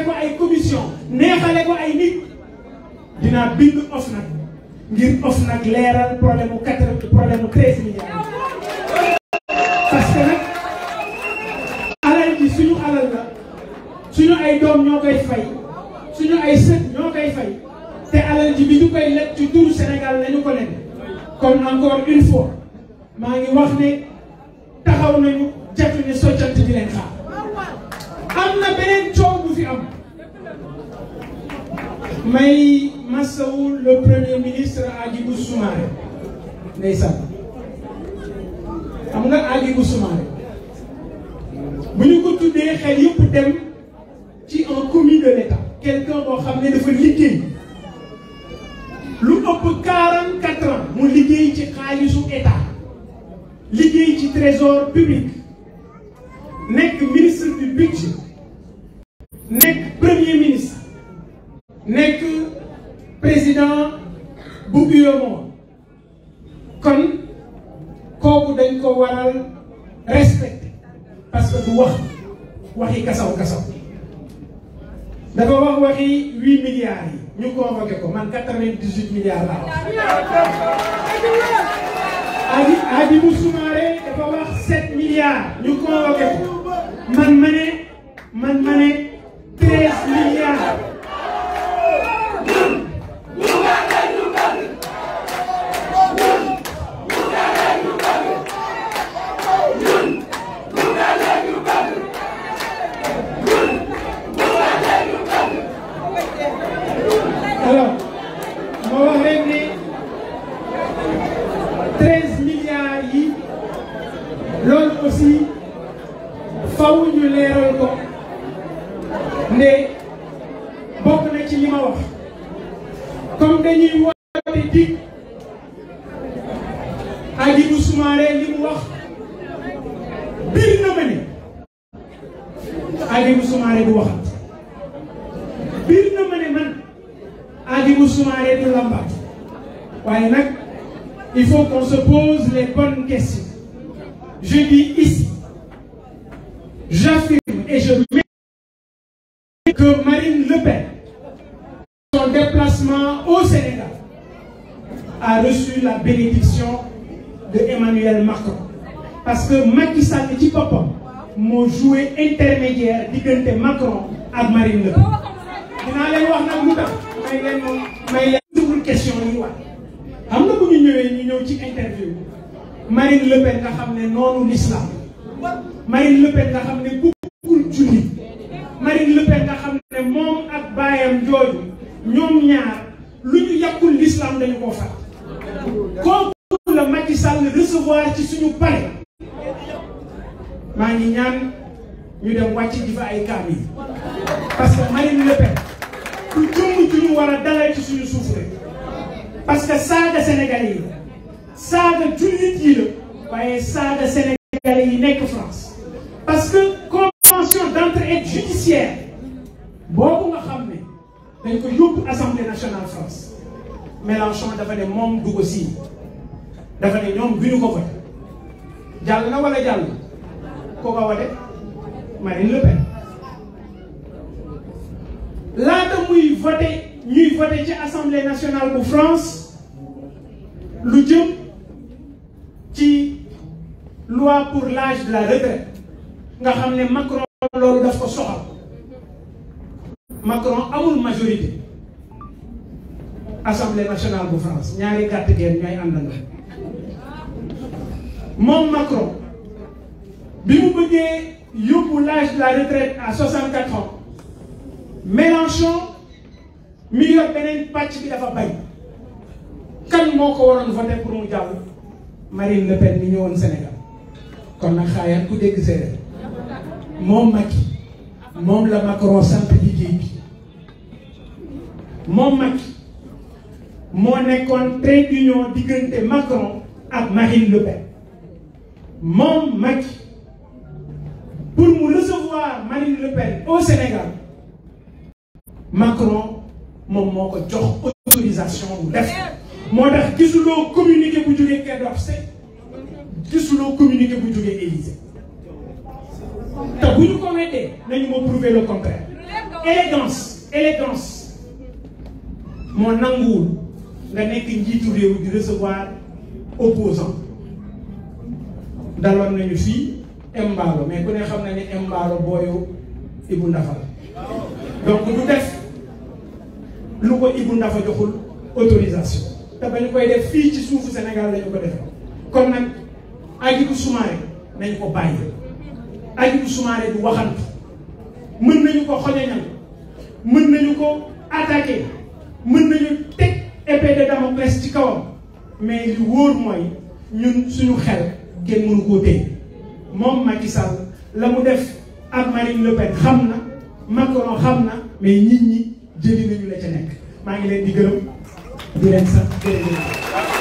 neexale ko ay commission neexale ko ay nit dinaa bind OFNAC ngir OFNAC leeral problème mu quatre nag alal ji suñu alal la suñu ay doom ñoo koy fay suñu ay sët ñoo koy fay te alal ji bi ñu koy lekk ci turu Sénégal lañu ko lekk kon encore une fois maa ngi wax ne taxaw nañu jatu ne soccant di leen xaar am na beneen coow may masawu le premier ministre Hadjibou Soumaré ndeysaan xam nga Hadjibou Soumaré bu ñu ko tuddee xel yëpp dem ci un commis de l'État quelqu'un boo xam ne dafa liggéey lu ëpp quarante mu liggéey ci xaalisu état liggéey ci trésor public nekk ministre du budget nekk premier ministre nekk président bu UEMOA kon kooku dañ ko waral respecté parce que du wax waxi kasaw kasaw dafa wax waxi huit milliards yi ñu convoqué ko man quatre-vingt-dix-huit milliards laa wax. Adi Hadjibou Soumaré dafa wax sept milliards ñu convoqué ko man ma ne man ma ne treize milliards. joué intermédiaire diggante Macron ak Marine Le Pen. dinaa leen wax nag lu tax may leen moom may leen double question ci interview Marine Le nga xam ne noonu l'islam Marine Le nga xam ne bëggul julli Marine Le nga xam ne moom ak baayam jooju ñoom ñaar lu ñu yàqul l'islam dañu koo fat kooku la Macky Sall recevoir ci suñu palais maa ngi ñaan ñu dem wàcc ji fa ay kaam parce que Marine Le Pen ku jëmm ju war a dalal ci suñu suuf rek parce que saaga Sénégalais yi saaga jullit yi la waaye saaga Sénégalais yi nekk France parce que convention d'entraide judiciaire boobu nga xam ne dañ ko yóbbu assemblée nationale France Mélenchon dafa ne moom du ko signé dafa ne ñoom du ñu ko voté jàll na wala jàll ko ko wate Marine Le Pen laata muy voté ñuy voté ci assemblée nationale bu France lu jëm ci loi pour l'âge de la retraite nga xam ne Macron loolu daf ko soxal Macron amul majorité assemblée nationale bu France ñaari gàtt geen ñooy àndandoo moom Macron bi mu bëggee. yóbbu l'âge de la retraite à 64 ans Mélenchon mi yor beneen pàcc bi dafa bañ kan moo ko waroon voté pour mu jàll Marine Le Pen ñëwoon Sénégal kon nag xaayaat ku dégg séeréer moom Macky moom la Macron sant liggéey bi moom Macky moo nekkoon trait d'union diggante Macron ak Marine Le moom Macky pour mu recevoir Marine Le Pen au Sénégal Macron moom moo ko jox autorisation bu def moo tax gisuloo communiqué bu jógee Quai d'Orsay gisuloo communiqué bu jógee Élysée bu ñu ko weddee nañu ma prouver le contraire élégance élégance moo nanguwul nga nekk njiitu réew di recevoir opposant daloon nañu fii Mballo mais ku ne xam na ni Mballo booyu Ibou Ndafa la donc du def lu ko Ibou Ndafa joxul autorisation te ba ñu koy fii ci suuf Sénégal la ñu ko defee kon nag Hadjibou Soumaré nañu ko bàyyi Hadjibou bu du waxantu mën nañu ko xoñoñal mën nañu ko attaqué mën nañu teg épée de Damoclès ci kawam mais li wool mooy ñun suñu xel kenn mënu koo téye moom Macky Sall la mu def ak Marine Le Pen xam na Macron xam na mais nit ñi jëli nañu la ca nekk maa ngi leen di gërëm di leen sant jërëjëf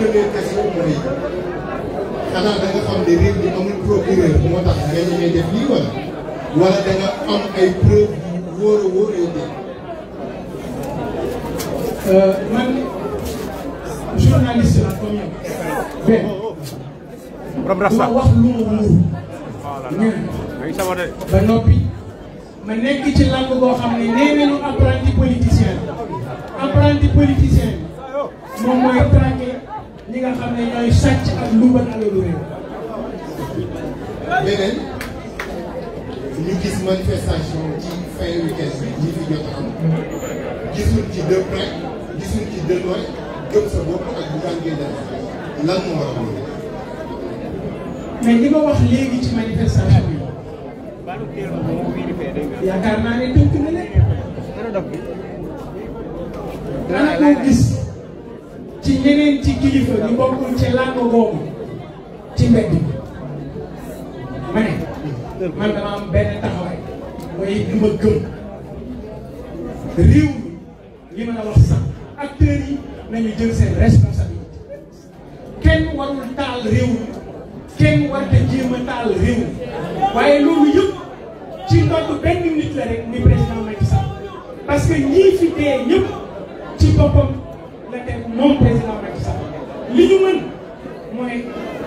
première question mooy xanaa da nga xam ne réew mi amul procureur moo tax nga ñu def lii wala wala da nga am ay preuve yu wóor a wóor yoo dégg. Euh, man journaliste la comme yow. mais ma wax lu ma wóor. ñun ba noppi. ma nekk ci làmb boo xam ne nee nañu apprenti politicien apprenti politicien moom mooy traqué. ñi nga xam ne ñooy sàcc ak luubal alalu réew. beneen ñu gis manifestation ci fin week-end bi ñi fi jot am gisul ci de près gisul ci de loin gëm sa bopp ak bu tàngee def lan moo waral loolu. mais li ma wax léegi ci manifestation yi yaakaar naa ne tënk na leen. dana ko ci ñeneen ci kilifa ñu bokkul ci làng boobu ci mbedd bi ma ne man dama am benn taxawaay mooy li ma gëm réew li ma la sax acteurs yi nañu jël seen responsabilité kenn warul taal réew kenn war te jéem taal réew waaye loolu yëpp ci ndodd benn nit la rek muy président Macky Sall parce que ñii fi dee ñëpp ci boppam la teg moom président Macky Sall li ñu mën mooy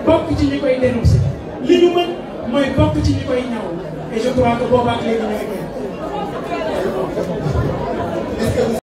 bokk ci ñi koy dénoncé li ñu mën mooy bokk ci ñi koy ñaw et je crois que boobaak léegi ñooy gën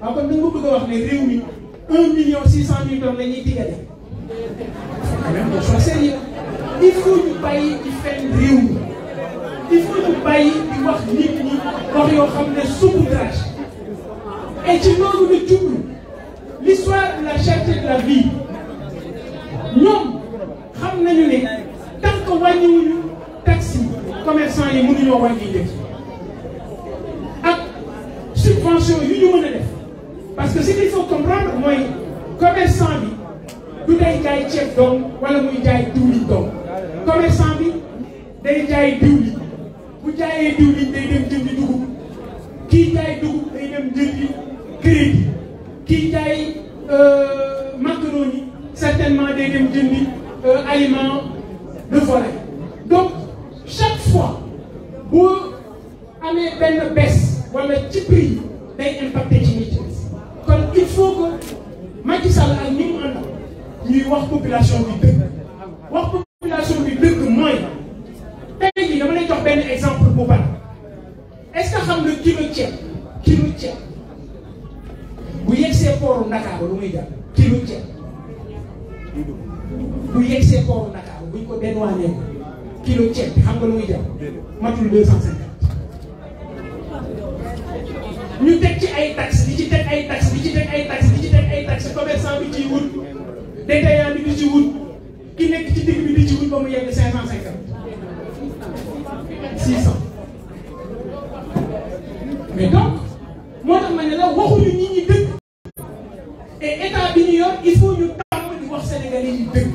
waaw kon dañ ko bëgg a wax ne réew mi un million six cent mille tonnes la ñuy diggale même boo soo sérieux il faut ñu bàyyi di fen réew mi il faut ñu bàyyi di wax nit ñi wax yoo xam ne saupoudrage et ci loolu la jublu l'histoire de la cherté de la vie ñoom xam nañu ne tant que wàññiwuñu taxes yi commerçant yi mënuñoo wàññi njëg ak subvention yu ñu mën a def parce que ce qu'il faut comprendre mooy commerçant bi du day jaay ceeb doom wala muy jaay diwlin doom commerçant bi day jaay diwlin bu jaayee diwlin day dem jëndi dugub kii jaay dugub day dem jëndi crédit kii jaay euh, macaroni certainement day dem jëndi euh, aliment de volaille donc chaque fois bu amee benn baisse wala ci prix day impacté ci nit kon il faut que Macky Sall ak ñi mu wax population bi dëgg wax population bi dëgg mooy tey jii dama lay jox benn exemple bu baax est-ce que xam nga kilo ceeb kilo ceeb bu yegsee pooru Ndakaar lu muy jar kilo ceeb bu yegsee pooru Ndakaar buñ ko benn waanee kilo ceeb bi xam nga lu muy jar matul deux cent cinquante ñu teg ci ay taxes di ci teg ay taxes di ci teg ay taxes di ci teg ay bi bi ci wut ki nekk ci digg bi di ci wut ba mu yegg cinq cent cinquante six cent mais donc moo tax ma ne la waxuñu nit ñi dëgg et bi ñu yor il faut ñu tàmm di wax sénégalais yi dëgg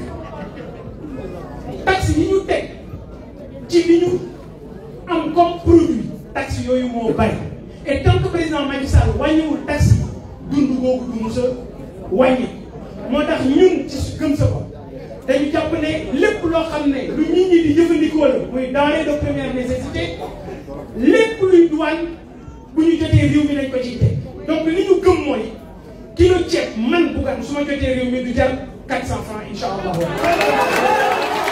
taxe yi ñu teg ci li ñu am comme produit taxe yooyu moo bari e tant que président Macky Sall wàññiwul tax dund googu du mos wàññi moo tax ñun ci gëm sa bopp dañu jàpp ne lépp loo xam ne lu nit ñi di jëfandikoo la muy denrée de première nécessité lépp luy douane bu ñu jotee réew mi lañ ko ciy teg donc li ñu gëm mooy kilo ceeb man bu gan su ma jotee réew mi du jar 400 francs incha allah.